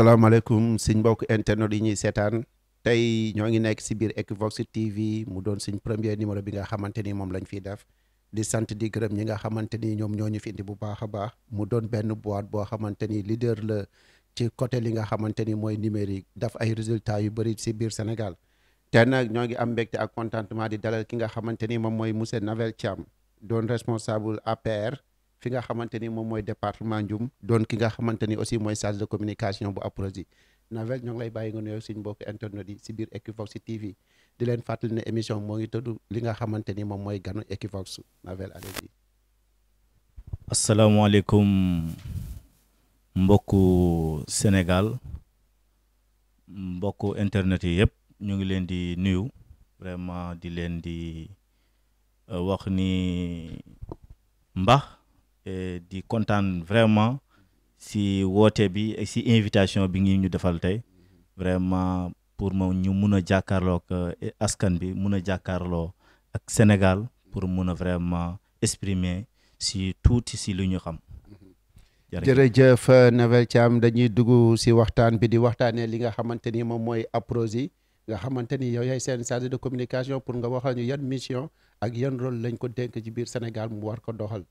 asalaamaaleykum suñ mbokk internet yi ñuy seetaan tey ñoo ngi nekk si biir Equivox TV mu doon suñ premier numéro bi nga xamante ni moom lañ fiy def di sant di gërëm ñi nga xamante ni ñoom ñoo ñu fi indi bu baax a baax mu doon benn boîte boo xamante ni lider la ci côté li nga xamante ni mooy numérique daf ay résultat yu bëri si biir Sénégal te nag ñoo ngi am mbégte ak contentement di dalal ki nga xamante ni moom mooy monsieur Navel Thiam doon responsable APR. fi nga xamante ni moom mooy département Ndioum don ki nga xamante ni aussi mooy chargé de communication bu Aprosy Navel ñoo ngi lay bàyyi nga nuyoo suñu mbokki internet yi si biir Equivox TV di leen fàttali ne émission moo li nga xamante ni moom mooy ganu Equivox Navel allez-y. asalaamaaleykum mbokku Sénégal mbokku internet yi yëpp ñoo ngi leen di nuyu vraiment di leen di euh, wax ni mbax. Eh, di kontaan vraiment si woote bi si invitation bi ngi ñu defal tey vraiment pour ma ñu mun a jàkkaarloo eh, askan bi mun a jàkkaarloo ak Sénégal pour mun a vraiment exprimer si tuuti si lu ñu xam. jërëjëf euh, Navel Thiam dañuy dugg si waxtaan bi di waxtaanee li nga xamante ni moom mooy Aprosy nga xamante ni yow yaay seen chargé de communication pour nga waxal ñu yan mission ak yan rôle lañ ko denk ci biir Sénégal mu war ko doxal.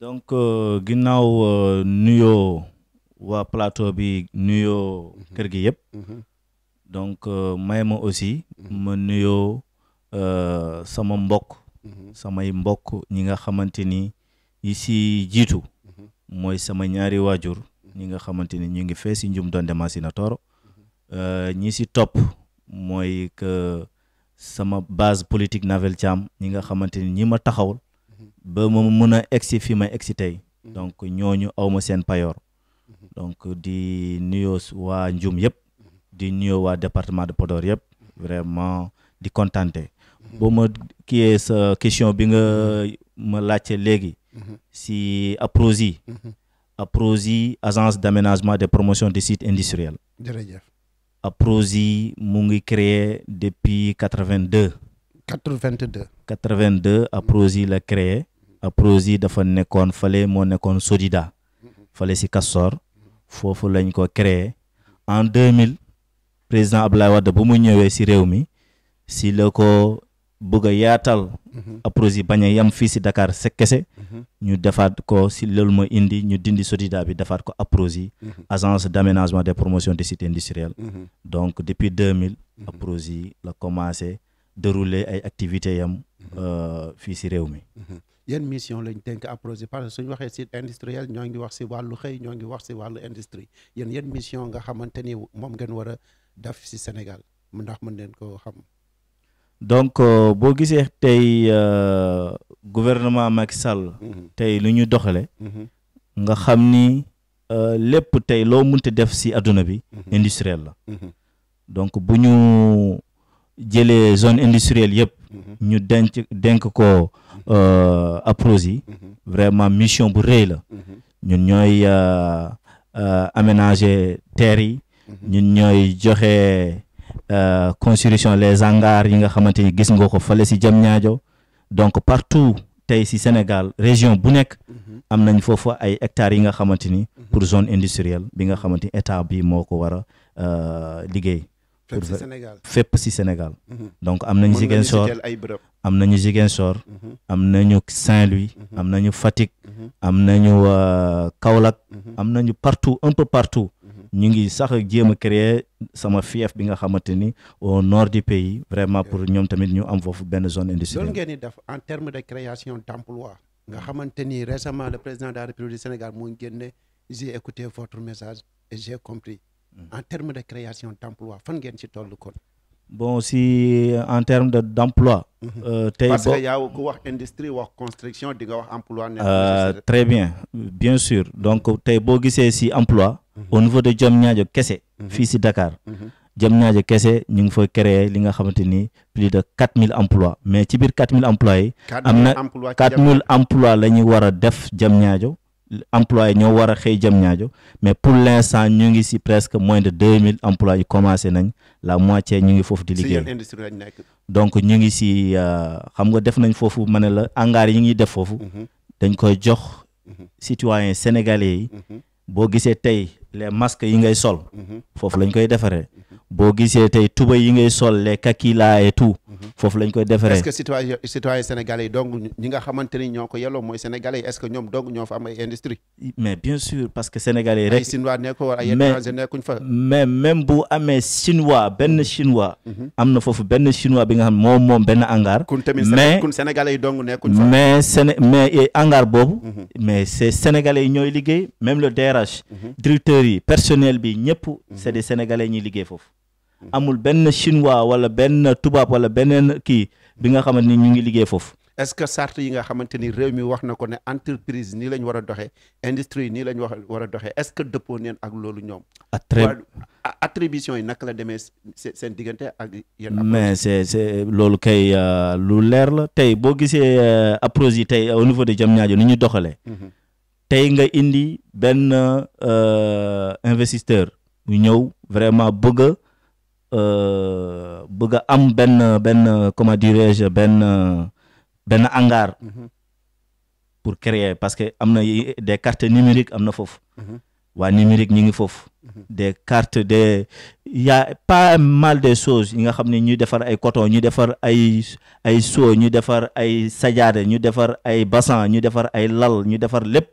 donc euh, ginnaaw euh, nuyoo waa plateau bi nuyoo mhm. kër gi yëpp mhm. donc euh, may ma aussi mhm. ma nuyoo sama mbokk samay mbokk ñi nga xamante ni yi si jiitu mooy sama ñaari waajur ñi nga xamante ni ñu ngi fee si njum si na Toro ñi si topp mooy que sama base politique Navel Thiam ñi nga xamante ni ñi ma taxawal ba ma mën a egsi fi ma egsi tey mhm. donc ñooñu awma seen payoor mhm. donc di nuyoo waa Ndioum yëpp mhm. di nuyoo waa département de Podor yëpp vraiment di kontante boo ma kiyee sa question bi nga ma laajte léegi si APROSI APROSI agence d'aménagement des promotions des sites industriels jërëjëf mu ngi créer depuis quatre vingt 82. 82 Aprosi la créé Aprosi dafa nekkoon fale moo nekkoon Sodida fale si Castor foofu lañ ko créé en 2000 président Abdoulaye Wade bu mu ñëwee si réew mi si la ko bëgg a yaatal mhm. Aprosi bañ a yem fii si dakaar Dakar kese mhm. ñu defaat ko si loolu ma indi ñu dindi Sodida bi defaat ko Aprosi mhm. agence d'aménagement des promotions de sites industriels donc depuis 2000 Aprosi la commencé dérouler ay activités yam euh, fii si réew mi. Mhm. yan mission lañ tenk à projet parce que suñu waxee si industriel ñoo ngi wax si wàllu xëy ñoo ngi wax si wàllu industrie yéen yan mission nga xamante ni moom ngeen war a def si Sénégal ndax mën leen ko xam. donc euh, boo gisee tey euh, gouvernement Macky Sall. Mhm. tey lu ñu doxale mhm. nga xam ni lépp tey loo mënti def si adduna bi. industriel la. donc bu ñu jëlee zone industrielle yëpp mhm. ñu denc denk ko euh, Aprosi mhm. vraiment mission bu rëy la mhm. ñun ñooy euh, euh, aménager terre yi ñun ñooy joxe construction les hangars yi nga xamante ni gis nga ko fale si Diamniadio donc partout tey si Sénégal région bu nekk am nañ foofu ay hectares yi nga xamante ni pour zone industrielle bi nga xamante ni état bi moo ko war a liggéey fépp si Sénégal fépp si Sénégal. Mhm. donc am nañu Ziguinchor am nañu Ziguinchor mhm. am nañu Saint-Louis mhm. am nañu Fatick am nañu euh, Kaolack am nañu partout un peu partout ñu ngi sax jéem a créer sama fief bi nga xamante ni au nord du pays vraiment pour ñoom tamit ñu am foofu benn zone industrielle. ngeen di def en terme de création d'emploi nga xamante ni récemment le président de Sénégal mu ngi génne j'ai message et j'ai en terme de création d'emploi fan ngeen ci toll kon. bon si en termes de d'emploi. Mhm. Euh, tey parce que yaa ku wax industrie wax construction di nga wax emploi. Euh, très bien bien sur donc tey boo gisee si emploi. Mhm. au niveau de ñaajo kese. Mhm. fii si Dakar. Diamniadio kese ñu ngi fa créer li nga xamante ni plus de 4000 emplois mais ci quate 4000 emplois yi. am na 4000 emplois la ñu war a def ñaajo employés ñoo war a xëy jëm ñaajo mais pour l' instant ñu ngi si presque moins de deux mille emplois yu commencé nañ la moitié ñu ngi foofu di liggéey donc ñu ngi si euh, xam nga def nañ foofu ma ne la hangar yi ngi def foofu mhm. dañ koy jox mhm. citoyens sénégalais yi mhm. boo gisee tey les masques yi ngay sol foofu lañ koy defaree boo gisee tey tuba yi ngay sol les kakila et tout foofu lañ koy defaree. est-ce que citoyen citoyen sénégalais yi donc ñi nga xamante ni ñoo ko yelloo mooy sénégalais yi est-ce que ñoom donc ñoo fa am ay industrie mais bien sûr parce que sénégalais rek ay chinois nekkul wala ay étranger nekkuñ fa. mais même bu amee chinois benn chinois. Mhm. am na foofu benn chinois bi nga xam moom moom benn hangar. kun tamit kun sénégalais yi dong nekkuñ fa. mais séné mais hangar boobu. Mhm. mais c'est sénégalais yi ñooy liggéey même le DRH. Mhm. directeur yi personnel bi ñëpp. c'est des sénégalais ñuy liggéey foofu. amul benn chinois wala benn tubaab wala beneen kii bi nga xamante ni ñu ngi liggéey foofu. est-ce que sart yi nga xamante ni réew mi wax na ko ne entreprise nii lañ war a doxee industrie nii lañ wax war a doxee est-ce que dëppoo neen ak loolu ñoom. Ah, attribution yi naka la demee seen diggante ak yenn. mais c'est c'est loolu kay euh, lu leer la tey boo gisee euh, approche yi tey au niveau de Diamniadio ni ñu doxalee. Mhm. tey nga indi benn euh, investisseur ñëw vraiment bëgg Euh, bëgg am benn benn comment dirais-je benn benn hangar. Mhm. pour créer parce que am na des carte numériques am na foofu. Mhm. waa numérique ñi ngi foofu. Mhm. des cartes des y' a pas mal de choses yi nga xam ne ñuy defar ay coton ñu defar ay ay seau ñu defar ay sajaade ñu defar ay bassan ñu defar ay lal ñu defar lépp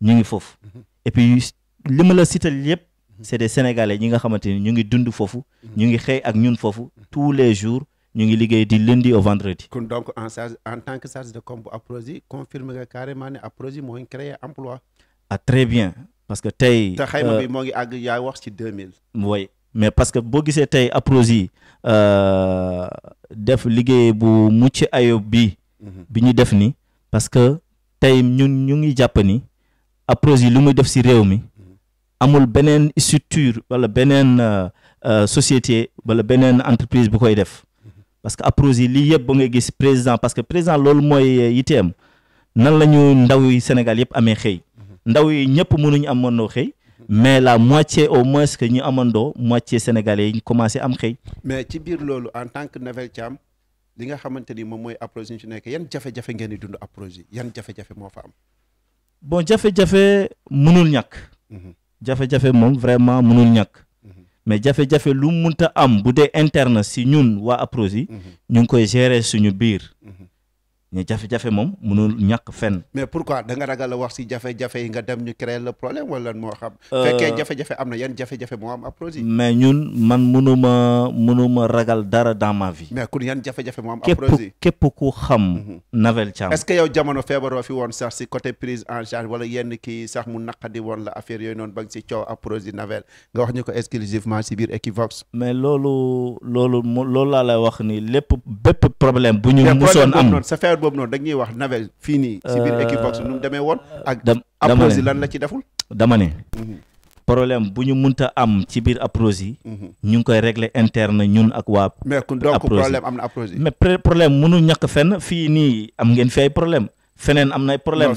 ñu ngi foofu et puis li ma la yëpp. c'est des sénégalais ñi nga xamante ni ñu ngi dund foofu. ñu ngi xëy ak ñun foofu tous les jours ñu ngi liggéey di lundi au vendredi. kon donc en charge en tant que charge de com bu Aprosi confirme nga carrément ne Aprosi mooy ah, très bien parce que tey. te xayma euh, moo ngi àgg yaa wax ci 2000. oui mais parce que boo gisee tey Aprosi euh, def liggéey bu mucc ayo bi mhm. bi ñu def ni parce que tey ñun ñu ngi jàpp ni Aprosi lu muy def si réew mi. amul beneen structure wala beneen euh, euh, société wala beneen entreprise bu koy def parce que approche yi lii yëpp ba nga gis président parce que président loolu mooy euh, yiteem nan la ñu ndaw yi Sénégal yëpp amee xëy ndaw yi ñëpp mënuñu amandoo xëy mais la moitié au moins que ñu amandoo moitié sénégalais yi ñu commencé am xëy. mais ci biir loolu en tant que Navel Thiam li nga xamante ni moom mooy approche yi ñu ci nekk yan jafe-jafe ngeen di dund approche yi yan jafe-jafe moo fa am. jafe-jafe mënul ñàkk. Mhm. jafe-jafe moom vraiment mënul ñàkk mais jafe-jafe lu munta am bu dee interne si ñun waa approsi mhm. ñu ngi koy gérer suñu biir mhm. mais jafe-jafe moom mënul ñàkk fenn. mais pourquoi da ragal a wax si jafe-jafe yi nga dem ñu créer le problème wala moo xam. Euh, fekkee jafe-jafe am na yan jafe-jafe moo am Aprosy. mais ñun man mënuma mënuma ragal dara dans ma vie. mais kon yan jafe-jafe moo am. Aprosy képp képp ku xam. Mhm. Navel Thiam est-ce que yow jamono feebaroo fi woon sax si côté prise en charge wala yenn ki sax mu naqadi woon la affaire yooyu noonu ba nga si coow Aprosy Navel nga wax ñu ko exclusivement si biir Equivox. mais loolu loolu mu loolu laa wax ni lépp bépp problème bu boobu noonu dañuy wax navet fii nii. si biir euh, Equivox nu mu demee woon. ak Approsi lan la ci deful. dama ne. Mhm. problème bu ñu munta am ci biir Approsi. Mhm. ñu ngi koy régler interne ñun ak waa. Approsi mais donc problème am na Approsi. munu ñàkk fenn fii nii am ngeen fi problème feneen am na problème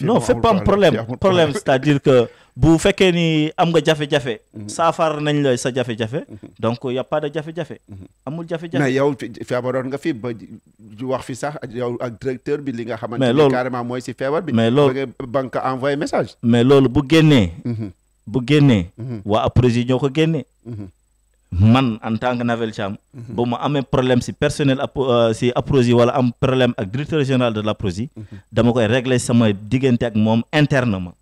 non fépp am problème problème c'est-à-dire que bu fekkee ni am nga jafe-jafe mhm. saafara nañ la sa jafe-jafe mhm. donc y a pas jafe-jafe mhm. amul jafe-jafe mais yow feebaroon nga fi ba ju wax fi sax yow ak directeur bi li nga xamante ne carrément mooy si feebar bi mais loolu banque envoyé message mais loolu bu génnee bu génnee waa après yi ñoo ko génnee man en tant que Navel Thiam mhm. ba mu amee problème si personnel euh, si APROSI wala am problème ak directeur général de l'APROSI mhm. dama koy régler sama diggante ak moom mhm. ma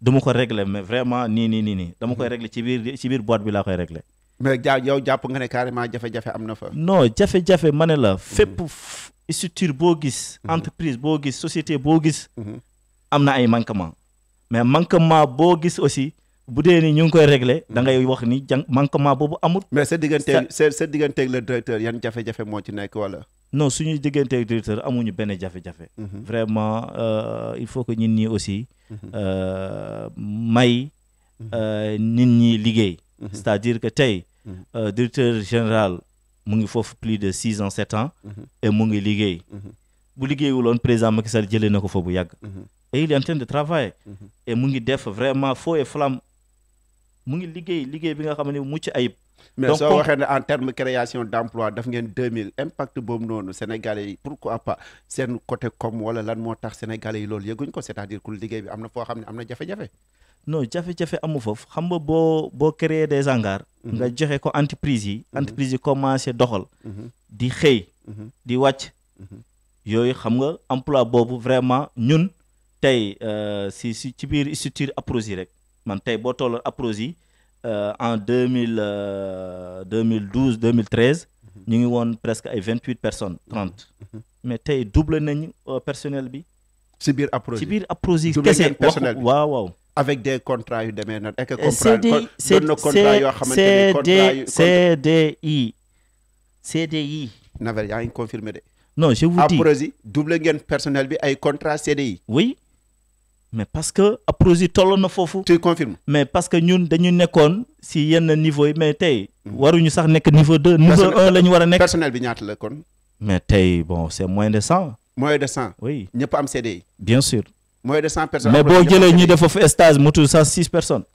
dama ko régler mais vraiment ni nii nii nii dama koy régler ci biir ci biir boîte bi laa koy régler mais jaa yow jàpp nga ne carrément jafe-jafe am na fa non jafe-jafe ma ne la fépp structure boo gis entreprise boo gis société boo gis am na ay manquement mais manquement boo gis aussi bu dee ni ñu ngi koy réglé da ngay wax ni jàng manquement boobu amul. mais sa digganteeg sa sa digganteeg le directeur yan jafe-jafe moo ci nekk wala. non suñuy digganteeg directeur amuñu benn jafe-jafe. Mhm. vraiment euh, il faut que ñun ñi aussi. Mhm. Euh, may mhm. euh, nit ñi liggéey. c'est-à-dire que tey. directeur général mu ngi foofu plus de six ans sept ans. et mu ngi liggéey. bu liggéeyuloon président Macky Sall jëlee na ko fa bu yàgg. et il est en de travailler. et mu ngi def vraiment feu et flamme. mu ngi liggéey liggéey bi nga xam ne mucc ayib. mais soo waxee ne en terme création d' emploi ngeen ngeen 2000 impact boobu noonu Sénégalais yi pourquoi pas seen côté comme wala lan moo tax Sénégalais yi loolu yëguñ ko c' est liggéey bi am na foo xam ne am na jafe-jafe. non jafe-jafe amu foofu xam nga boo boo créer des hangars. Mhm. nga joxe ko entreprise yi. Mhm. entreprise yi commencé doxal. Mhm. di xëy. di wàcc. yooyu xam nga emploi boobu vraiment ñun tey euh, si si ci biir structure approche rek. man tey boo tolloon Aprosi euh, en deux mille euh, deux mille douze deux mille treize ñu ngi woon presque ay vingt huit personnes trente mais tey double nañ euh, personnel bi. ci biir Aprosi ci biir Aprosi. kese wax waaw waaw. avec des contrats yu demee noonu. et que contrat yoo xamante ni CDI CDI. Navel yaa ngi confirmé de. non je vous dis Aprosi bi ay contrat CDI. oui. mais parce que approche yi toll na foofu. tu confirmes mais parce que ñun dañu nekkoon si yenn niveau yi mais tey. waruñu sax nekk niveau deux. niveau un la ñu war a nekk personnel bi ñaata la kon. mais tey bon c' est moins de cent. moins de cent. oui ñëpp am CDI. bien sûr. moins de cent personnes. mais boo jëlee ñi def foofu stage matul sax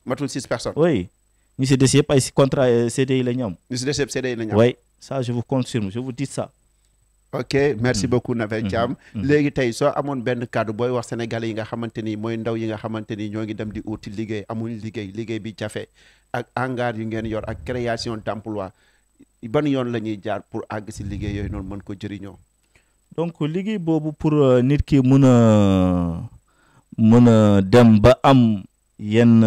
matul ñu si des yëpp ay contrat euh, CDI la ñu am. ñu si des yëpp CDI la am. oui ça je vous confirme je vous dis ça. ok merci mm-hmm. beaucoup Navel mm-hmm. Thiam mm-hmm. léegi tey soo amoon benn kàddu booy wax sénégalais yi nga xamante ni mooy ndaw yi nga xamante ni ñoo ngi dem di uuti liggéey amuñ liggéey liggéey bi jafe ak hangar yu ngeen yor ak création d'emploi ban yoon la ñuy jaar pour àgg si liggéey yooyu noonu mën ko jëriñoo donc liggéey boobu pour euh, nit ki mën a mën a dem ba am yenn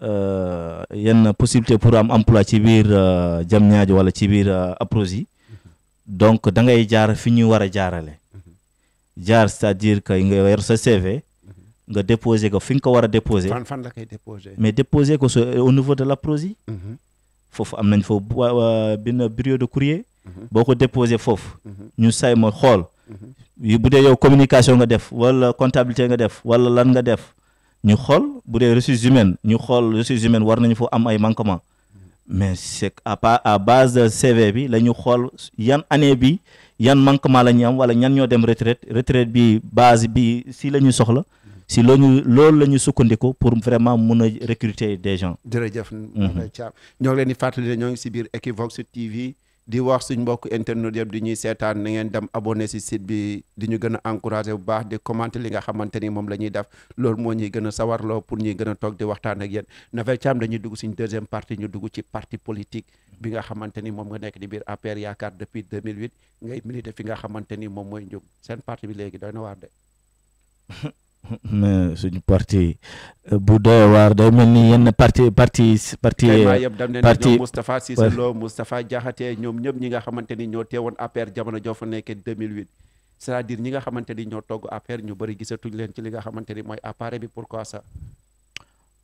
euh, yenn possibilité pour am emploi ci biir euh, Diamniadio wala ci biir Approsi donc da ngay jaar fi ñu war a jaarale mhm. jaar c'est-à-dire que nga yor sa CV mhm. nga déposer ko fi nga ko war a déposer. fan fan mais déposer ko au niveau de la Prosi. Mhm. foofu am nañ foofu euh, benn bureau de courrier. boo ko déposer foofu. ñu ma xool. bu dee yow communication nga def wala comptabilité nga def wala lan nga def ñu xool bu dee ressources humaines ñu xool ressources humaines war nañu foo am ay manquement mais c'est à part à base de CV bi la ñu xool yan année bi yan manquement la ñu am wala ñan ñoo dem retraite retraite bi base bi si la ñu soxla si lañu loolu la ñu sukkandiku pour vraiment mun a recruter des gens. jërëjëf. Mhm. ñoo ngi leen fàttali ñoo ngi si biir Equivox TV. di wax suñ mbokk internet yëpp di ñuy seetaan na ngeen dem abonné si site bi di ñu gën a encouragé bu baax di commenter li nga xamante ni moom la ñuy def loolu moo ñuy gën a sawarloo pour ñuy gën a toog di waxtaan ak yéen Navel Thiam dañuy dugg suñ deuxième parti ñu dugg ci parti politique bi nga xamante ni moom nga nekk di biir APR yaakaar depuis 2008 ngay milité fi nga xamante ni moom mooy njug seen parti bi léegi doy na waar de suñu parti euh, bu doy waar day mel ni yenn parti parti parti euh, yëpp dem nañ ñoom Moustapha Cissé Lo Moustapha Diakhaté ñoom ñëpp ñi nga xamante ni ñoo teewoon APR jamono joo fa nekkee 2008 c'est-à-dire ñi nga xamante ni ñoo togg APR ñu bari gisatuñ leen ci li nga xamante ni mooy appareil bi ko ça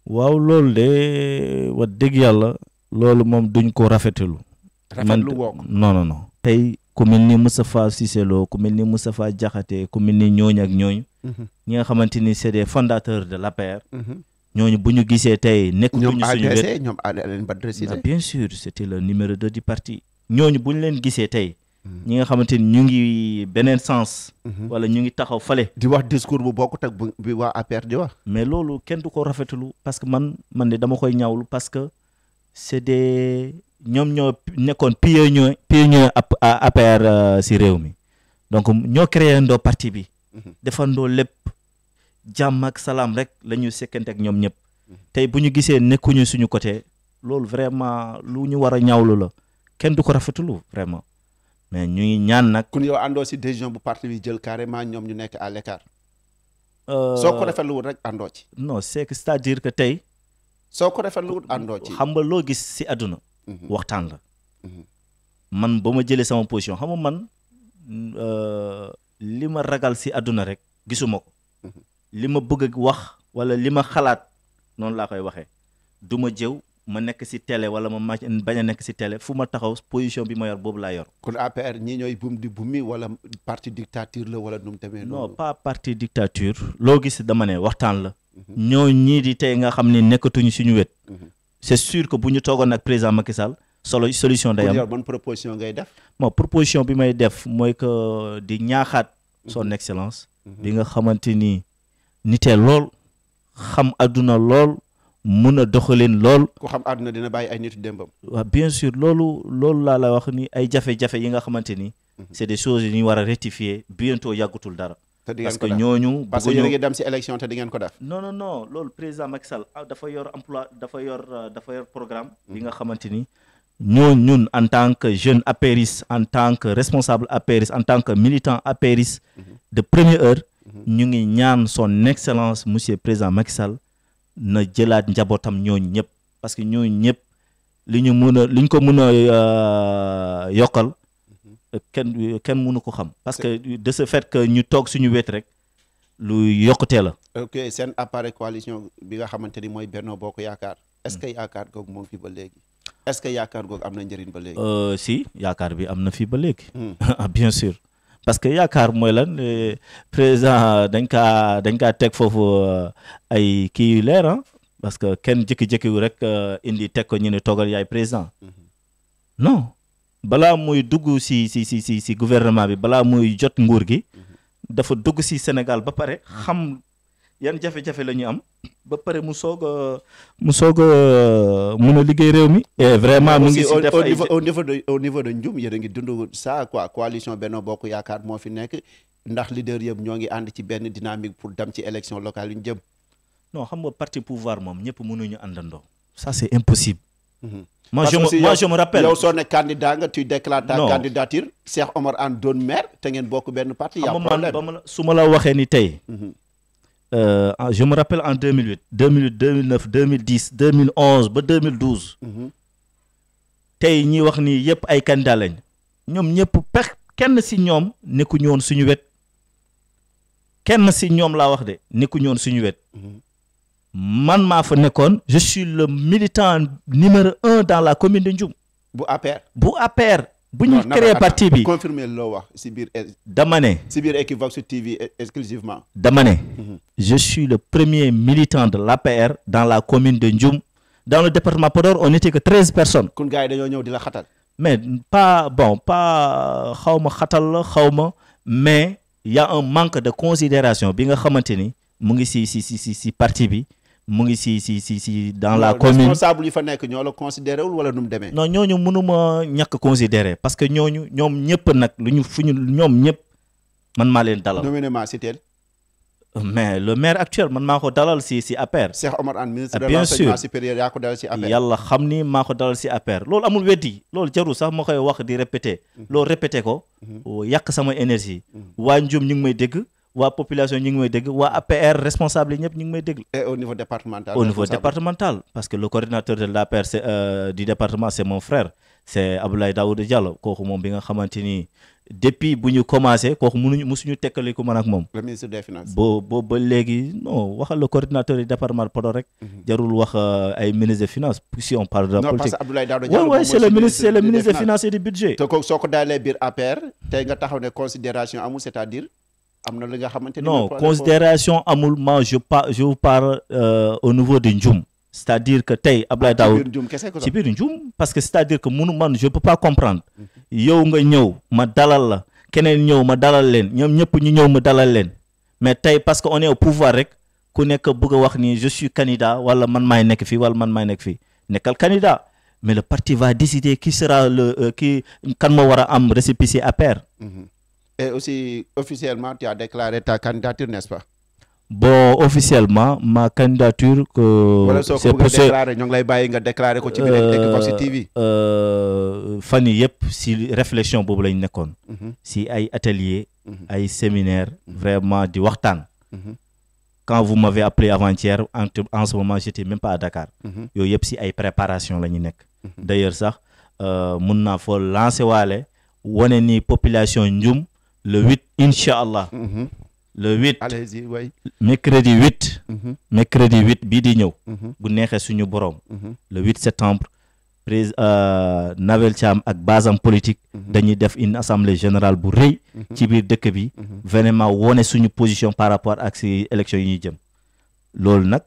waaw loolu de wax dëgg yàlla loolu moom duñ ko rafetelu rafetlu woo ko non non tey ku mel ni Moustapha Cissé Lo ku mel ni Moustapha Diakhaté ku mel ni ñooñ ak ñooñ ñi nga xamante ni c'est des fondateurs de l'APR mhm. ñooñu bu ñu gisee tey nekk duñu suñu ñoom Alioune Badara Cissé le numéro deux du parti ñooñu bu ñu leen gisee tey mhm. ñi nga xamante ni ñu ngi beneen sens mhm. wala ñu ngi taxaw fale di wax discours bu bokkut ak bi waa APR di wax mais loolu kenn du ko rafetlu parce que man man ne dama koy ñaawlu parce que c'est des ñoom ñoo nekkoon pionnier pionnier APR si euh, réew mi donc ñoo créé ndoo parti bi defandoo lépp jàmm ak salaam rek la ñuy sekkante ak ñoom ñëpp tey bu ñu gisee nekkuñu suñu côté loolu vraiment lu ñu war a ñawlu la kenn du ko rafetulu vraiment mais ñuy ñaan nag. kun yow àndoo si décision bu parti bi jël carrément ñoom ñu nekk à l'écart. Euh, soo ko rafetluwul rek àndoo ci. non c'est que cest que tey. soo ko rafetluwul àndoo ci. xam nga loo gis si àdduna. Mhm. waxtaan la. Mhm. man ba ma jëlee sama position xam man euh, li ma ragal si àdduna rek gisuma ko mhm. li ma bëgg a wax wala li ma xalaat noonu laa koy waxee du ma jëw ma nekk si télé wala ma ma bañ a nekk si télé fu ma taxaw position bi ma yor boobu laa yor. kon APR ñii ñooy bum di bumi wala parti dictature la wala nu mu demee noonu. non pas parti dictature. loo gis dama ne waxtaan la. Mhm. ñoo ñii di tey nga xam ne nekkatuñu suñu wet. Mhm. c'est sûr que bu ñu toogoon ak président Macky Sall solo solution day am ban proposition ngay def. bon proposition bi may def mooy que di ñaaxaat. son mhm. excellence. Mhm. bi nga xamante ni nitee lool xam adduna lool mun a doxalin lool. ku xam adduna dina bàyyi ay nitu démbam. waaw bien sûr loolu loolu laa la wax ni ay jafe-jafe yi nga xamante ni. Mhm. c'est des choses yu ñu war a rectifier bientôt yàggutul dara. parce que ñooñu. parce que yéen a dem ci élection di ngeen ko def. non non loolu président Macky ah, dafa yor emploi dafa yor euh, dafa yor programme. nga xamante ni. ñoo ñun en tant que jeune apériste en tant que responsable apériste en tant que militant apériste de première heure ñu ngi ñaan son excellence monsieur président Macky Sall na jëlaat njabootam ñooñu ñëpp parce que ñoo ñëpp li ñu mën a li ñu ko mën a euh, yokkal kenn kenn mënu ko xam parce que de ce fait que ñu toog suñu wet rek lu yokkutee la seen appareil bi nga xamante ni mooy Benno Bokk Yaakaar est-ce que yaakaar googu moo ngi ba léegi est-ce que yaakaar googu am na njëriñ ba euh, si yaakaar bi am na fii ba léegi. Hmm. Ah, bien sûr parce que yaakaar mooy lan euh, président dañ kaa dañ kaa teg foofu euh, ay kii yu ah. parce que kenn jékki-jékkiwu rek indi teg ko ñu ne toogal yaay président hmm. non balaa muy dugg si si si si si gouvernement bi balaa muy jot nguur gi hmm. dafa dugg si Sénégal ba pare yan jafe-jafe la ñu am ba pare mu soog mu soog a mun a liggéey réew mi. et vraiment mu ngi si def ay au niveau de au niveau de Ndioum yéen ngi dund ça quoi coalition benn Bokk Yaakaar moo fi nekk ndax leader yëpp ñoo ngi ànd ci benn dynamique pour dem ci élection locale yu ñu jëm. non xam nga parti pouvoir moom ñëpp mënuñu àndandoo. ça c'est impossible. Mhm. moi je me moi je me rappelle. yow soo ne candidat nga tu déclares ta candidature. Cheikh Omar Anne doon maire te ngeen bokk benn parti. y a ah, ma la su la waxee ni tey. Mhm. euh, je me rappelle en 2008 2008 2009 2010 2011 ba 2012. Mhm. tey ñi wax nii yëpp ay candidat ñoom ñëpp per kenn si ñoom nekku ñoon suñu wet kenn si ñoom laa wax de nekku ñoon suñu wet. Mhm. man maa fa nekkoon je suis le militant numéro un dans la commune de Ndioum. bu APR bu APR. bu ñu créé parti bi confirmer loo wax si biir. Euh, dama ne. si biir Equivox TV euh, exclusivement dama ne. Mhm. je suis le premier militant de l'APR dans la commune de Ndioum. dans le département Podor on n'était que treize personnes. kon gars dañoo ñëw di la xatal. mais pas bon pas xaw ma xatal la xaw ma mais y un manque de considération bi nga xamante ni mu ngi si si si si si parti bi. mu ngi si si si si dans la commune responsable yi fa nekk ñoo la considéré wala nu mu demee non ñooñu mënuma ñàkk considéré parce que ñooñu ñoom ñëpp nag lu ñu fu ñu ñoom ñëpp man maa leen dalal nommément si teel mais le maire actuelle man maa ko dalal si si APR Cheikh Omar Anne ministre ah, de l'enseignement supérieur yaa ko dalal si APR yàlla xam ni maa ko dalal si APR loolu amul weddi loolu jarul sax ma koy wax di répété mhm. loolu répété ko mhm. yàq sama énergie mhm. waa Ndioum ñu ngi may dégg waa population ñu ngi may dégg waa APR responsable yi ñëpp ñu ngi may dégg. et au niveau départemental. parce que le coordinateur de l'APR euh, du département c'est mon frère c'est Abdoulaye Daouda Diallo kooku moom bi nga xamante ni depuis bu ñu commencé kooku mënuñu mësuñu tekkali ko man ak moom. le ministre des finances. boo boo ba léegi non waxal le coordinateur du département Podor rek. Mhm. jarul wax euh, ay ministre des finances si on parle de la politique. non parce que le ministre c'est le ministre des finances ko daalee biir APR tey nga ne considération amul c'est-à-dire. am na li nga xamante ni non considération amul moi je par je vous parle euh, au niveau de Ndioum c'est-à-dire que tey Abdoulaye ah, Daouda ci biir Ndioum parce que c'est-à-dire que munu man je peux pas comprendre yow nga ñëw ma dalal la keneen ñëw ma dalal leen ñoom ñëpp ñu ñëw ma dalal leen mais tey parce que on est au pouvoir rek ku nekk bëgg a wax ni je suis candidat wala man maay nekk fii wala man maay nekk fii nekkal candidat mais le parti va décider qui sera le euh, qui kan ma war a am récépissé APR mm-hmm. Et aussi, officiellement, tu as déclaré ta candidature, n'est-ce pas bon officiellement ma candidature c'est pour déclarer ñoo ngi lay bàyyi nga déclarer ko ci biir Equivox TV euh, fan yëpp si réflexion boobu lañ nekkoon mhm. si ay atelier mhm. ay séminaire mhm. vraiment di waxtaan quand vous m'avez appelé avant-hier en en ce moment j'étais pas à Dakar yooyu yëpp si ay préparation lañu ñu nekk d'ailleurs sax euh, mun naa fa lancer waale wane ni population Ndioum le huit incha allah. Mm-hmm. le huit allez-y waay huit. Mm-hmm. mercredi huit bii di ñëw. Mm-hmm. bu neexee suñu borom. le huit septembre. prés euh, Navel Thiam ak basam politique. dañuy def une assemblée générale bu rëy. ci biir dëkk bi. vraiment wone suñu position par rapport ak si élection yi ñuy jëm. loolu nag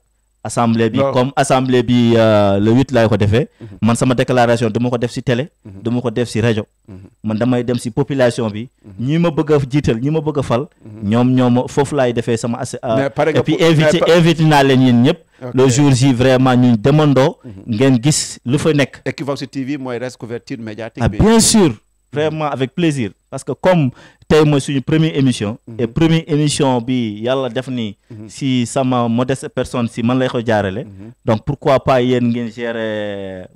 assemblée bi comme assemblée bi euh, le huit laay ko defee man sama déclaration duma ko def si télé mhm. duma ko def si rajo mhm. man damay dem si population bi mhm. ñi ma bëgg jiital ñi ma bëgg a fal ñoom ñoom foofu laay defee sama as euh, et puis invité invité naa leen yéen ñëpp le jour ji vraiment ñu demandoo ngeen gis lu fa nekk Equivox TV mooy res couverture médiatique ah, bi ah bien sûr vraiment avec plaisir parce que comme tey mooy suñu première émission mhm. et première émission bi yàlla def ni mhm. si sama modeste personne si man lay ko jaarale mhm. donc pourquoi pas yéen ngeen gérer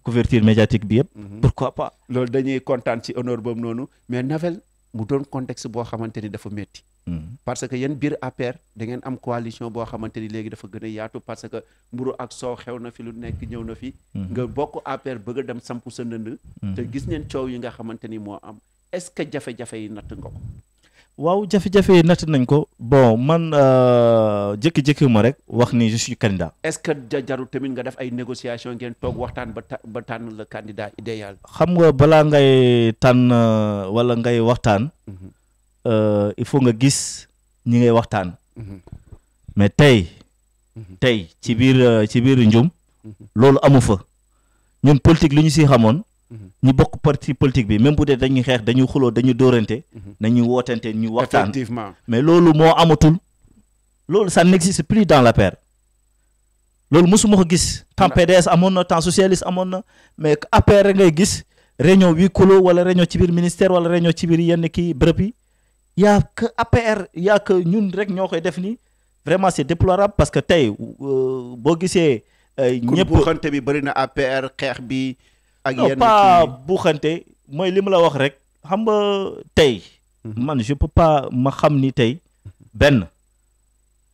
couverture médiatique bi yëpp pourquoi pas loolu dañuy kontaan ci honneur boobu noonu mais Navel mu doon contexte boo xamante ni dafa metti parce que yéen biir APR da ngeen am coalition boo xamante ni léegi dafa gën a yaatu parce que mburu ak soow xew na fi lu nekk ñëw na fi nga bokk APR a dem est-ce que jafe-jafe yi natt nga waaw jafe-jafe yi natt nañ ko bon man euh, jékki-jékki ma rek wax ni je suis est-ce que jaru tamit nga def ay négociation ngeen toog waxtaan ba ba tànn le candidat idéal. xam nga balaa ngay tànn euh, walla ngay waxtaan. Mhm. Euh, il faut nga gis ñi ngay waxtaan. Mhm. mais tey. Mhm. tey ci biir ci biir njum. loolu amu fa ñun politique li ñu si xamoon. ñi bokk parti politique bi même bu dee dañuy xeex dañuy xuloo dañuy dóorante mhm. nañuy wootante ñu waxtaan mais loolu moo amatul loolu ça n'existe plus dans la paire loolu mosuma ko gis temps PDS amoon na temps socialiste amoon na mais APR rek ngay gis réunion huis clos wala réunion ci biir ministère wala réunion ci biir yenn kii bërëb yi yaa que APR yaa que ñun rek ñoo koy def nii vraiment c'est déplorable parce que tey euh, boo gisee ñëpp xante bi bëri na APR xeex bi ak yenn buuxante mooy li ma la wax rek xam nga tey. Mhm. man je peux pas ma xam ni tey benn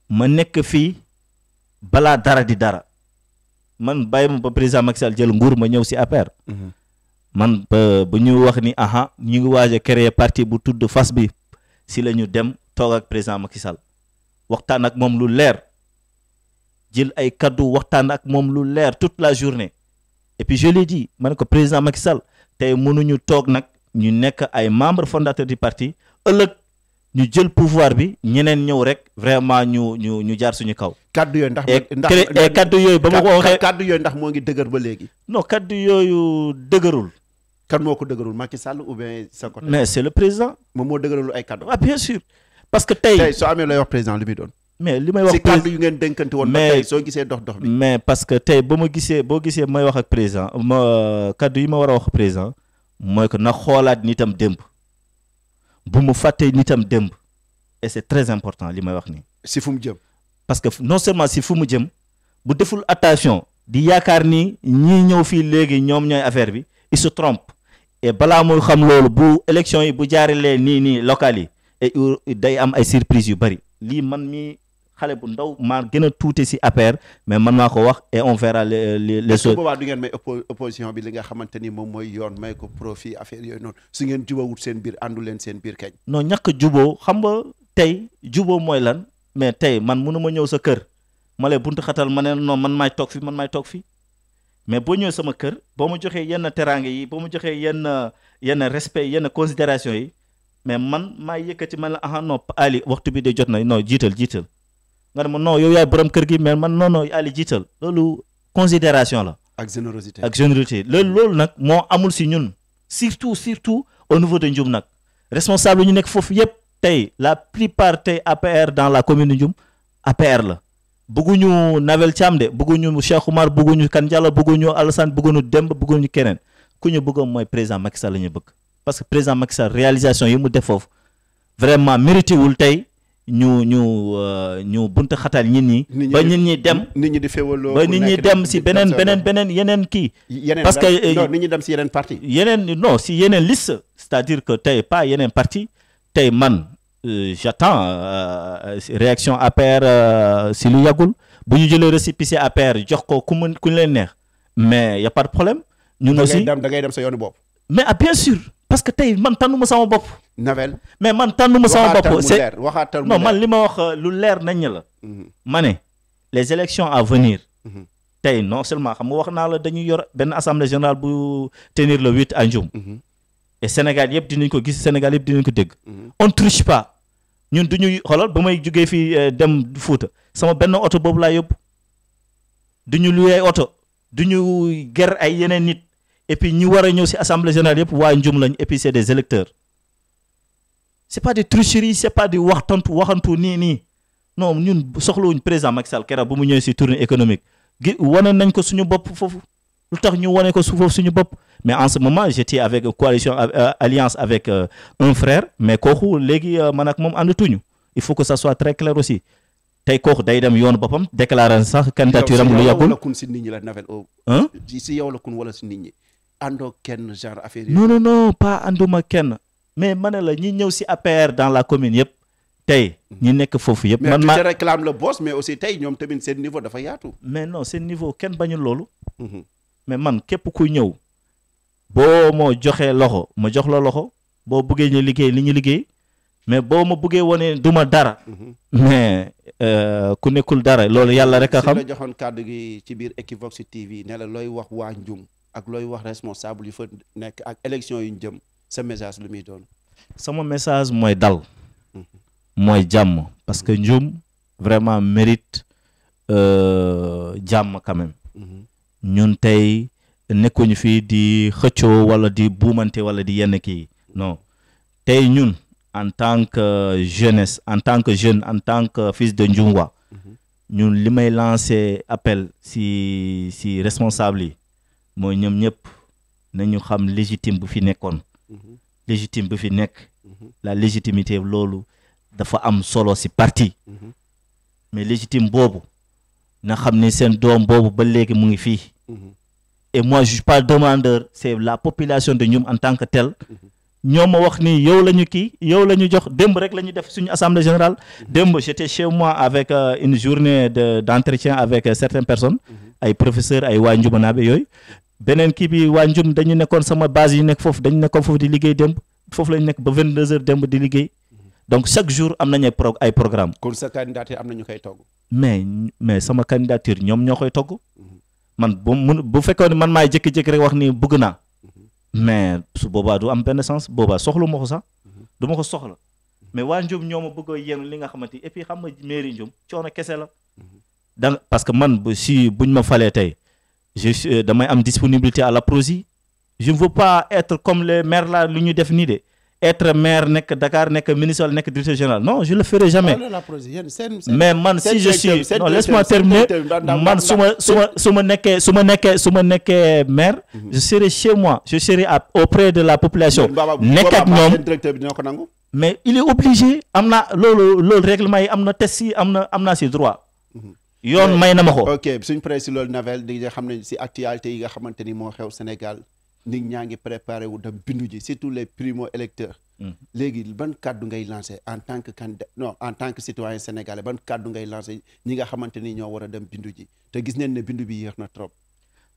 ma nekk fii balaa dara di dara man bàyyi ma ba président Macky Sall jël nguur ma ñëw si APR. Mhm. man ba bu ñu wax ni aha ñu ngi waaj a créer parti bu tudd fas bi si la ñu dem toog ak président Macky Sall waxtaan ak moom lu leer jël ay kaddu waxtaan ak moom lu leer tout la journée et puis je l'ai ma ne ko président Macky Sall tey mënuñu toog nag ñu nekk ay membre fondateur di parti ëllëg ñu jël pouvoir bi ñeneen ñëw rek vraiment ñu ñu ñu jaar suñu kaw. kaddu yooyu ndax ndax kaddu yooyu ba ma ko waxee kaddu ndax moo ngi dëgër ba léegi. non kaddu yooyu dëgërul. kan moo ko dëgërul Macky Sall ou bien sa côté. mais c'est le président. moom moo dëgëralul ay kaddu. ah bien sûr parce que tey. soo amee lay wax président li muy doon. mais li may wax. si kàddu yu ngeen dénkante woon. mais soo gisee dox dox bi. mais parce que tey ba ma gisee boo gisee may wax ak président ma kàddu yi ma war a wax président mooy que na xoolaat nitam dëmb bu mu fàttee nitam démb et c'est très important li may wax nii. si fu mu jëm. parce que non seulement si fu mu jëm bu deful attention di yaakaar ni ñii ñëw fii léegi ñoom ñooy affaire bi il et balaa muy xam loolu bu élection yi bu jaaralee nii nii locales yi day am ay surprise yu bari man mii. xale bu ndaw maa gën a tuute si APR mais man maa ko wax et on le les les les choses. boobaa du ngeen may opposition bi li nga xamante ni moom mooy yoon may ko profit affaire yooyu noonu su ngeen jubawut seen biir àndu leen seen biir kañ. noo ñàkk juboo xam nga tey juboo mooy lan mais tey man mënu ma ñëw sa kër ma lay buntu xatal ma ne non man maay toog fi man maay toog fi mais boo ñëwee sama kër boo ma joxee yenn teraange yi boo ma joxee yenn yenn respect yenn considération yi mais man maay yëkkati ma ne ah non Ali waxtu jot na non jiital jiital. nga ne ma non yow yaay boroom kër gi mais man non non Ali jiital loolu considération la. ak générosité ak générosité loolu loolu nag moo amul si ñun surtout surtout au niveau de Ndioum nag responsable ñu nekk foofu yëpp tey la plupart tey APR dans la commune de Ndioum APR la. bëgguñu Navel Thiam de bëgguñu Cheikh Oumar bëgguñu Kane Diallo bëgguñu Alassane bëgguñu Demb bëgguñu keneen ku ñu bëggoon mooy présent Macky la ñu bëgg parce que président Macky Sall réalisation yi mu def foofu vraiment mérité wul tey. ñu ñu euh, ñu bunta xatal nit ñi. ba nit ñi dem nit ñi di féewaloo ba nit ñi dem si beneen beneen beneen yeneen kii. parce que euh, non nit ñi dem si yeneen parti yeneen non si yeneen liste c'est-à-dire que tey pas yeneen parti tey man euh, j'attends réaction APR si lu yàggul bu ñu jëlee récépissé APR jox ko ku mu ku leen neex mais y a pas de problème. ñun aussi da ngay dem sa yoonu bopp. Ah, bopp. Navel mais man tànnuma sama bopp c'est non man li ma wax euh, lu leer nañ la. Mhm. ma ne les élections à venir. Mhm. tey non seulement xam nga wax naa la dañuy yor benn assemblée générale bu tenir le huit à Ndioum. Mhm. et Sénégal yëpp dinañ ko gis Sénégal yëpp dinañ ko dégg. on triche pas ñun du ñuy xoolal ba may jógee fii euh, dem Fuuta sama benn oto boobu laa yóbbu du ñu luwee oto du ger ay yeneen nit et puis ñi war a ñëw si assemblée générale yëpp waa Ndioum lañ et puis c'est des électeurs. c'est pas des tricheries c'est pas di waxtantu waxantu nii nii non ñun soxlawuñ président Macky Sall keroog bu mu ñëwee si tournée économique gi wane nañ ko suñu bopp foofu lu tax ñu wane ko su suñu bopp mais en ce moment j'étais avec coalition euh, euh alliance avec euh, un frère mais kooku léegi euh, man ak moom àndatuñu il faut que ça soit très clair aussi tey kooku day dem yoonu boppam déclaré sax candidature am lu yàggul si nit ñi si yow la kun wala si nit ñi kenn genre affaire non non non pas ànduma kenn mais ma ne la ñi ñëw si APR dans la commune yëpp tey ñi nekk foofu yëpp. man ma réclame le boss mais aussi tey ñoom tamit seen niveau dafa yaatu. mais non seen niveau kenn bañu loolu. Mhm. mais man képp ku ñëw boo moo joxee loxo ma jox la loxo boo buggee ñu liggéey li ñu liggéey mais boo ma buggee wane du ma dara. Mhm. mais euh, ku nekkul dara loolu yàlla rek a xam. la joxoon kàddu gi ci biir Equivox TV ne la looy wax waa Ndioum ak looy wax responsable yu fa nekk ak élection yu ñu jëm. sa message lu muy doon sama message mooy dal mooy jàmm parce que Ndioum vraiment mérite euh, jàmm quand même ñun tey nekkuñu fii di xëccoo wala di buumante wala di yenn kii non tey ñun en tant que jeunesse en tant que jeune en tant que fils de Ndioum wa ñun li may lancer appel si si responsable yi mooy ñoom ñëpp nañu xam légitime bu fi nekkoon légitime bi fi nekk mhm. la légitimité loolu dafa am solo si parti mhm. mais légitime boobu na xam ne seen doom boobu ba léegi mu ngi fii mhm. et moi je suis pas demandeur c'est la population de ñoom en tant que tel ñoo ma wax ni yow la ñu kii yow la ñu jox démb rek la ñu def suñu assemblée générale démb j'étais chez moi avec euh, une journée de d'entretien avec euh, certaines personnes ay professeurs ay waa njubanaabe yooyu beneen kii bi waa Ndioum dañu nekkoon sama base yi nekk foofu dañu nekkoon foofu di liggéey démb foofu lañ nekk ba vingt 22h démb di liggéey donc chaque jour am nañu ay pro ay programme kon sa candidature am na ñu koy togg. mais mais sama candidature ñoom ñoo koy togg man bu mun bu fekkoon ne man maay jékki-jékki rek wax ni bëgg naa mais su boobaa du am benn sens boobaa soxlu ma ko sax du ma ko soxla mais waa ñoo ma bëgg a yéen li nga xamante ni et puis xam nga mairie Ndioum coono kese la. da parce que man bu si buñ ma falee tey. je euh, damay am disponibilité à la prosie je ne veux pas être comme les maires là lu ñu def nii de être maire nekk Dakar nekk ministre nekk directeur général non je le ferai jamais mais man si je suis non laisse terminer man su ma su ma su ma nekkee su ma nekkee su ma nekkee maire mhm. je serai chez moi je serai auprès de la population nekk ak ñoom mais il est obligé am na loolu loolu règlement yi am na test yi am na am naa si yoon euh, may na ma ko. ok suñ paree si loolu Navel di nga xam ne si actualité yi nga xamante ni moo xew Sénégal nit ñaa ngi préparé wu dem bindu ji surtout les primo électeurs. Hmm. léegi ban kàddu ngay lancé en tant que candidat non en tant que citoyen sénégalais ban kàddu ngay lancé ñi nga xamante ni ñoo war a dem bindu ji te gis neen ne bindu bi yéex na trop.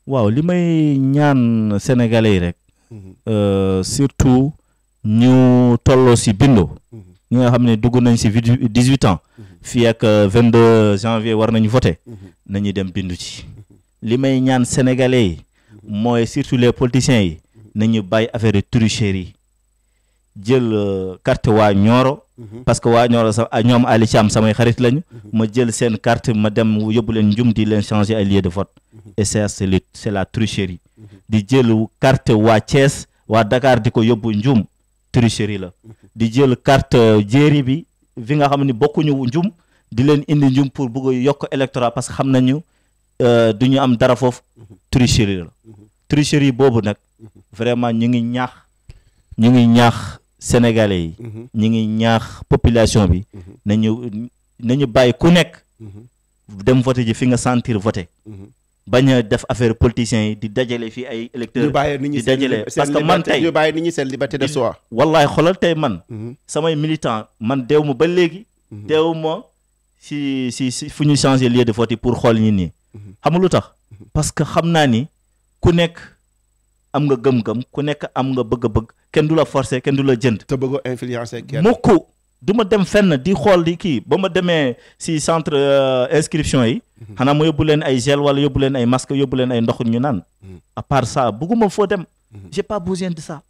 waaw li may ñaan sénégalais yi rek. Mhm. Euh, surtout ñu tolloo si bindu. Mhm. ñi nga xam ne dugg nañ si dix huit ans fii ak euh, vingt deux janvier war nañu voté nañuy dem bindu ci li may ñaan sénégalais yi mooy surtout les politiciens yi nañu bàyyi affaire tricherie yi jël euh, carte waa Nioro parce que waa ñooro sax ah, ñoom Ali Thiam samay xarit lañu ma jël seen carte ma dem yóbbu leen njum di leen changer ay lieu de vote et ça la le c'est di jël carte waa Thiès waa Dakar di ko yóbbu njuum njum tricherie la di jël carte jéeri bi fi nga xam ni bokkuñu njum di leen indi njum pour bëgg yokk électorat parce que xam nañu euh, du ñu am dara foofu tricherie la tricherie boobu nag vraiment ñu ngi ñaax ñu ngi ñaax sénégalais yi ñu ngi ñaax population bi nañu nañu bàyyi ku nekk mhm. dem voté ji fi nga sentir voté mhm. bañ a def affaire politiciens yi di dajale fii ay électeurs di dajale parce que man tey ñu bàyyi nit ñi seen liberté de choix wallaay xoolal tey man mhm. samay militant man deew ma ba léegi mhm. deew ma si si si fu ñu changer lieu de vote pour xool ñi nii mhm. xam nga tax parce que xam naa ni ku nekk am nga gëm-gëm ku nekk am nga bëgg-bëgg kenn du la force kenn du la jënd te bëggoo influencer mukk du ma dem fenn di xool di kii ba ma demee si centre euh, inscription yi. Mhm. xanaa ma yóbbu leen ay gel wala yóbbu leen ay masque yóbbu leen ay ndox ñu naan. Mhm. à part ça bugguma foo dem. Mhm. j'ai pas besoin de ça.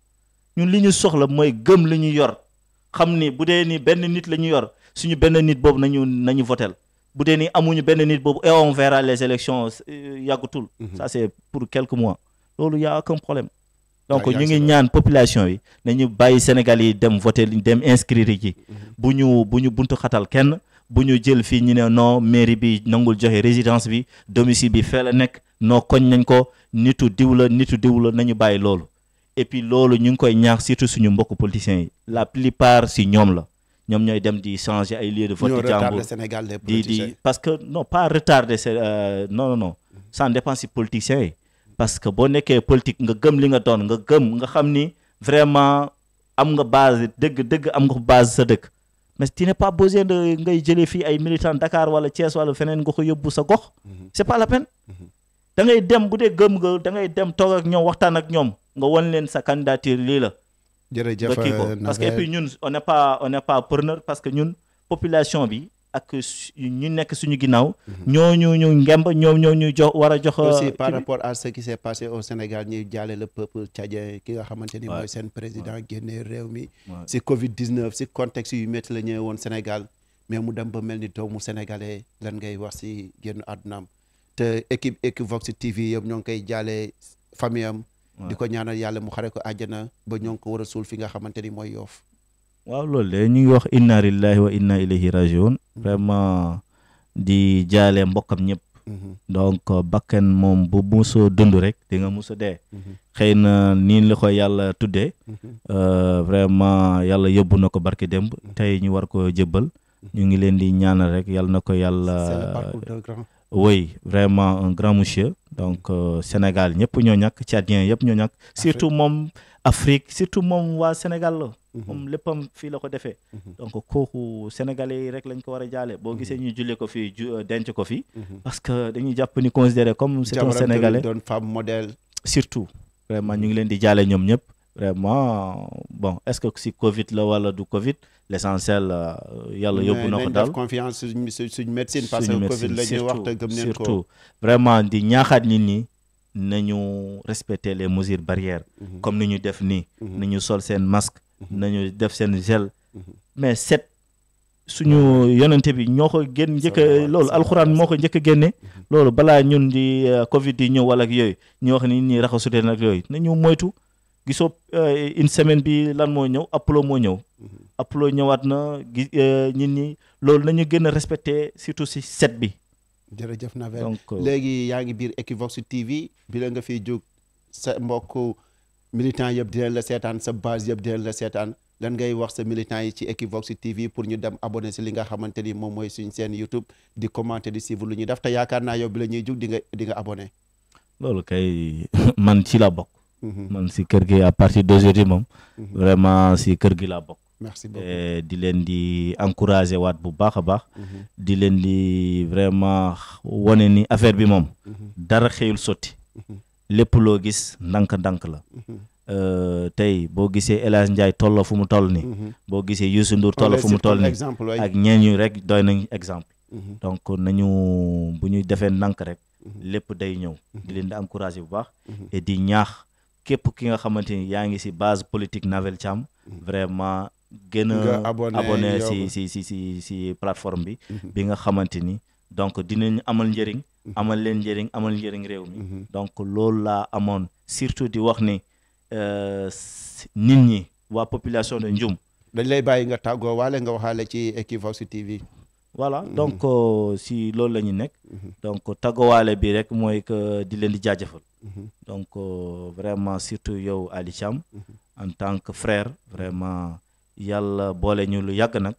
ñun li ñu soxla mooy gëm li ñu yor xam ni bu dee ni benn nit la ñu yor suñu benn nit boobu nañu nañu votel bu dee ni amuñu benn nit boobu et on verra les élections euh, yàggutul. ça c'est pour quelque mois. loolu y a aucun problème. donc ñu ngi ñaan population yi na ñu bàyyi Sénégal yi dem voter dem inscrire yi mm-hmm. bu ñu bu ñu buntu xatal kenn bu ñu jël fii ñu ne non mairie bi nangul joxe résidence bi domicile bi fee la nekk noo koñ nañ ko nitu diw nitu diw la nañu bàyyi loolu et puis loolu ñu ngi koy ñaax surtout suñu mbokku politiciens yi la plupart si ñoom la ñoom ñooy dem di changer ay lieu de vote jàmbur di di parce que non pas retarder c'est euh, non non no san mm-hmm. dépend si politiciens yi parce que boo nekkee politique nga gëm li nga doon nga gëm nga xam ni vraiment am nga base dëgg dëgg am nga base sa dëkk mais tu n'es pas besoin de ngay jëlee fii ay militants Dakar wala Thiès wala feneen nga ko yóbbu sa gox. Mhm. c'est pas la mhm. da ngay dem bu dee gëm nga da ngay dem toog ak ñoom waxtaan ak ñoom nga wan leen sa candidature lii la. jërëjëf nga kii ko euh, parce que et puis ñun on n'est pas on parce que ñun population bi. ak ñu nekk suñu ginnaaw. Mhm. ñoo ñu ngemb ñoom ñoo ñu jox war a jox. Euh, par rapport à ce qui s' est au Sénégal ñuy jaale le peuple tchadien ki nga xamante ni mooy seen président génne réew mi. si Covid 19 si contexte yu métti la ñëwee woon Sénégal mais mu dem ba mel ni mu sénégalais lan ngay wax si génn àddunaam te équipe Equivox TV yëpp ñoo ngi koy jaale famille am. di ko ñaanal yàlla mu xare ko àjjana ba ñoo ngi ko war a suul fi nga xamante ni mooy yoof waaw loolu de ñu ngi wax inna lillahi wa inna ilayhi rajiun mm-hmm. vraiment di jaale mbokkam ñëpp mm-hmm. donc bakken moom bu musoo dund rek di nga musa dee mm-hmm. xëy na nii la ko yàlla tuddee euh, vraiment yàlla yóbbu na ko barki démb tey ñu war ko jébbal ñu ngi leen di ñaanal rek yàlla na ko yàlla oui vraiment un grand monsieur donc euh, Sénégal ñëpp ñoo ñàkk Tchadiens yëpp ñoo ñàkk surtout moom Afrique surtout moom waa Sénégal Mm-hmm. moom léppam fii la ko defee mm-hmm. donc kooku sénégalais yi rek lañ ko war a jaale boo mm-hmm. gisee ñu jullee ko fii euh, denc ko fii parce que dañuy jàpp ni considéré comme c'est un sénégalais doon femme modèle surtout vraiment ñu ngi leen di jaale ñoom ñëpp vraiment bon est-ce que si Covid la wala du Covid l'essentiel euh, yàlla yóbbu na ko daal confiance suñ suñ médecine parce que Covid la ñuy wax te gëm surtout vraiment di ñaaxaat nit ñi nañu respecter les mesures barrières comme ni ñu def nii nañu sol seen masque nañu def seen gel mhm. mais set suñu yonente bi ñoo ko génn njëkk loolu alxuraan moo ko njëkk a génne mhm. loolu balaa ñun di euh, covid di ñëw wala ak yooyu ñu wax ni ñi raxasutee nag yooyu nañu moytu gisoo euh, une semaine bi lan moo ñëw apollo moo ñëw mhm. apollo ñëwaat na gi euh, nit ñi loolu nañu gën a respecté surtout si set bi jërëjëf Navel léegi yaa ngi biir Equivox TV bi la nga fi jóg sa mbokk militant yëpp dinañ la seetaan sa base yëpp dinañ la seetaan lan ngay wax sa militant yi ci Equivox TV pour ñu dem abonné si li nga xamante ni moom mooy suñ seen YouTube di commenter di suivre lu ñuy def te yaakaar naa yow la ñuy jug di nga di nga abonné. loolu man ci la bokk. Mhm. man si kër gi à partir d'aujourd'hui moom. Mhm. vraiment si kër gi laa bokk. merci beaucoup di leen di encourager waat bu baax a baax. Mhm. di leen di vraiment wane ni affaire bi moom. dara xëyul sotti. lépp loo gis ndànk-ndànk la mhm. euh, tey boo gisee El Hadj Ndiaye tolloo fu mu toll ni mhm. boo gisee Youssou Ndour tolloo fu mu toll nii ak ñu rek doy nañu exemple mhm. donc nañu bu ñuy defee ndànk rek lépp day ñëw di leen di encouragé bu baax et di ñaax képp ki nga xamante ni yaa ngi si base politique Navel Thiam vraiment gën a abonné si si si si si plateforme bi bi nga xamante ni donc dinañ amal njëriñ Mm-hmm. amal leen njëriñ amal njëriñ réew mi mm-hmm. donc loolu laa amoon surtout di wax ni euh, nit ñi waa population de Ndioum dañ lay bàyyi nga tàggoo waale nga waxaale ci Equivox TV voilà mm-hmm. donc euh, si loolu la ñu nekk donc tàggowaale bi rek mooy que di leen di jaajëfal donc euh, vraiment surtout yow Ali en tant que frère vraiment yàlla boole ñu lu yàgg nag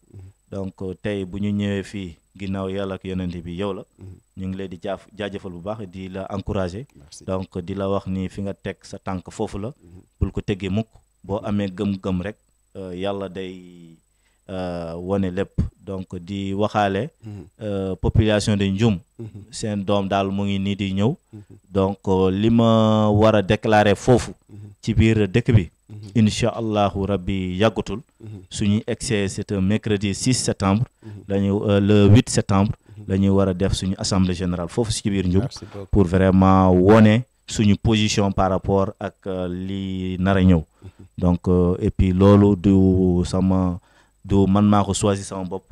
donc tey bu ñu ñëwee fii ginnaaw yàlla ak yonent bi yow la mhm. ñu ngi leen di jaaf jaajëfal bu baax di la encourager donc di la wax ni fi nga teg sa tànk foofu la mhm. bul ko teggee mukk boo mhm. amee gëm-gëm rek euh, yàlla day euh, wane lépp donc di waxaale euh, population de njuum seen doom daal mu ngi nii di ñëw donc li ma war a déclarer foofu ci biir dëkk bi Mm-hmm. incha allahu rabbi yàggatul mm-hmm. suñuy egsee c'est un mercredi 6 septembre dañu mm-hmm. euh, le 8 septembre la ñuy war a def suñu assemblée général foofu si biir njub pour vraiment wone suñu position par rapport ak euh, li nar a ñëw donc euh, et puis loolu du sama du man maa ko choisir sama bopp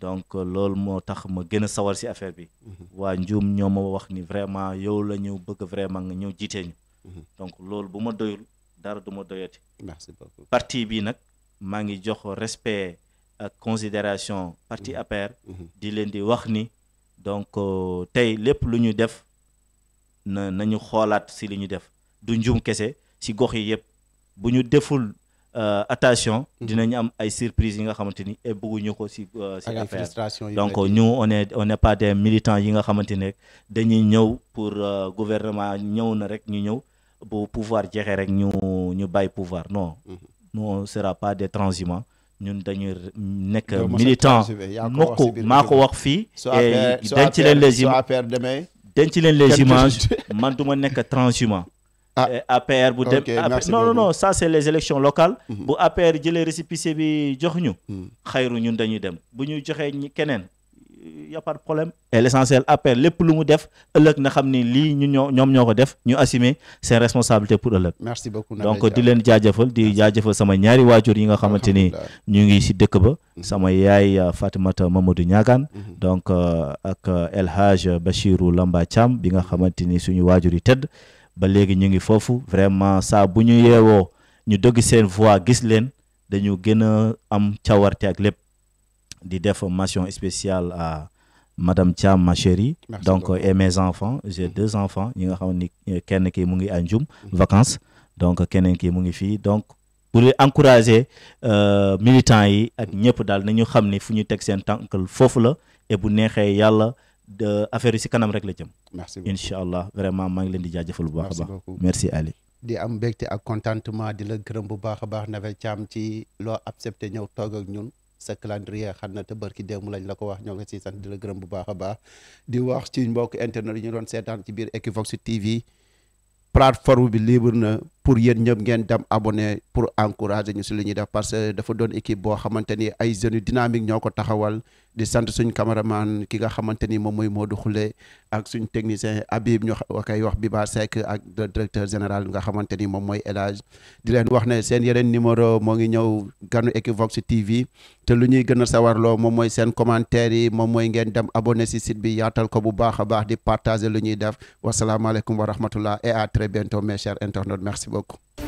donc loolu moo tax ma gën a sawar si affaire bi waa njuum ñoo ma wax ni vraiment yow la ñu bëgg vraiment nga ñëw jiitee ñu donc loolu bu ma doyul dara du ma doyati. merci beaucoup parti bii nag maa ngi jox respect ak considération parti mm-hmm. APR. Mm-hmm. di leen di wax ni donc euh, tey lépp lu ñu def na nañu xoolaat si li ñu def du njum kese si gox yi yëpp bu ñu deful. Uh, attention mm-hmm. dinañu am ay surprise yi nga xamante ni et bëgguñu ko si euh, si affaire donc ñu on est pas des militants yi nga xamante ni rek dañuy ñëw pour uh, gouvernement ñëw na rek ñu ñëw bu pouvoir jeexee rek ñu ñu bàyyi pouvoir non mhm. nous on sera pas des transhumants ñun dañuy nekk militant mokk maa ko wax fii et denc leen les images denc leen les images man ma nekk transhumant APR ah. bu dem non non non sa c'est les élections locales mhm. bu APR jëlee récépissé bi jox ñu mhm. xayru ñun dañuy dem bu ñu joxee keneen y a pas de problème et l'essentiel appel lépp lu mu def ëllëg na xam ni lii ñu ñoo ñoom ñoo ko def ñu assumer seen responsabilité pour ëllëg merci beaucoup donc di leen jaajëfal di jaajëfal sama ñaari waajur yi nga xamante ni ñu ngi si dëkk ba mhm. sama yaay euh, Fatimata Mamadou Ñaagaan mhm. donc euh, ak euh, El Hadj Bachirou Lamba Thiam bi nga xamante ni suñu waajur yi tëdd ba léegi ñu ngi foofu vraiment saa bu ñu yeewoo ñu dëgg seen voix gis leen dañu gën a am cawarte ak lépp di def mention spéciale à madame Thiam ma chérie donc et mes enfants j'ai mm-hmm. deux enfants ñi nga xam ni kenn ki mu ngi Anjum mm-hmm. vacances donc keneen ki mu ngi fii donc pour encourager euh, militants yi ak mm-hmm. ñëpp daal ñu xam ni fu ñu teg seen tànkal foofu la et bu neexee yàlla affaire yi si kanam rek la jëm. merci beaucoup incha allah vraiment maa ngi leen di jaajëfal bu baax a baax. merci Ali. di am mbégte ak contentement di la gërëm bu baax a baax Navel Thiam ci loo accepté ñëw toog ak ñun. sa calendrier xam na te barki démb lañ la ko wax ñoo ngi si sant di la gërëm bu baax a baax di wax ci mbokk internet yi ñu doon seetaan ci biir Equivox TV plateforme bi libre na pour yéen ñëpp ngeen dem abonné pour encourage ñu si li ñuy def parce que dafa doon équipe boo xamante ni ay jeunes dynamique ñoo ko taxawal di sant suñ cameraman ki nga xamante ni moom mooy Modou Khoule ak suñ technicien Habib ñu wakay wax Biba Seck ak directeur général nga xamante ni moom mooy élage Hadj di leen wax ne seen yeneen numéro moo ngi ñëw ganu Equivox TV te lu ñuy gën a sawarloo moom mooy seen commentaire yi moom mooy ngeen dem abonné si sit bi yaatal ko bu baax a baax di partager lu ñuy def wasalaamaaleykum wa rahmatullah et à très bientôt mes chers merci beaucoup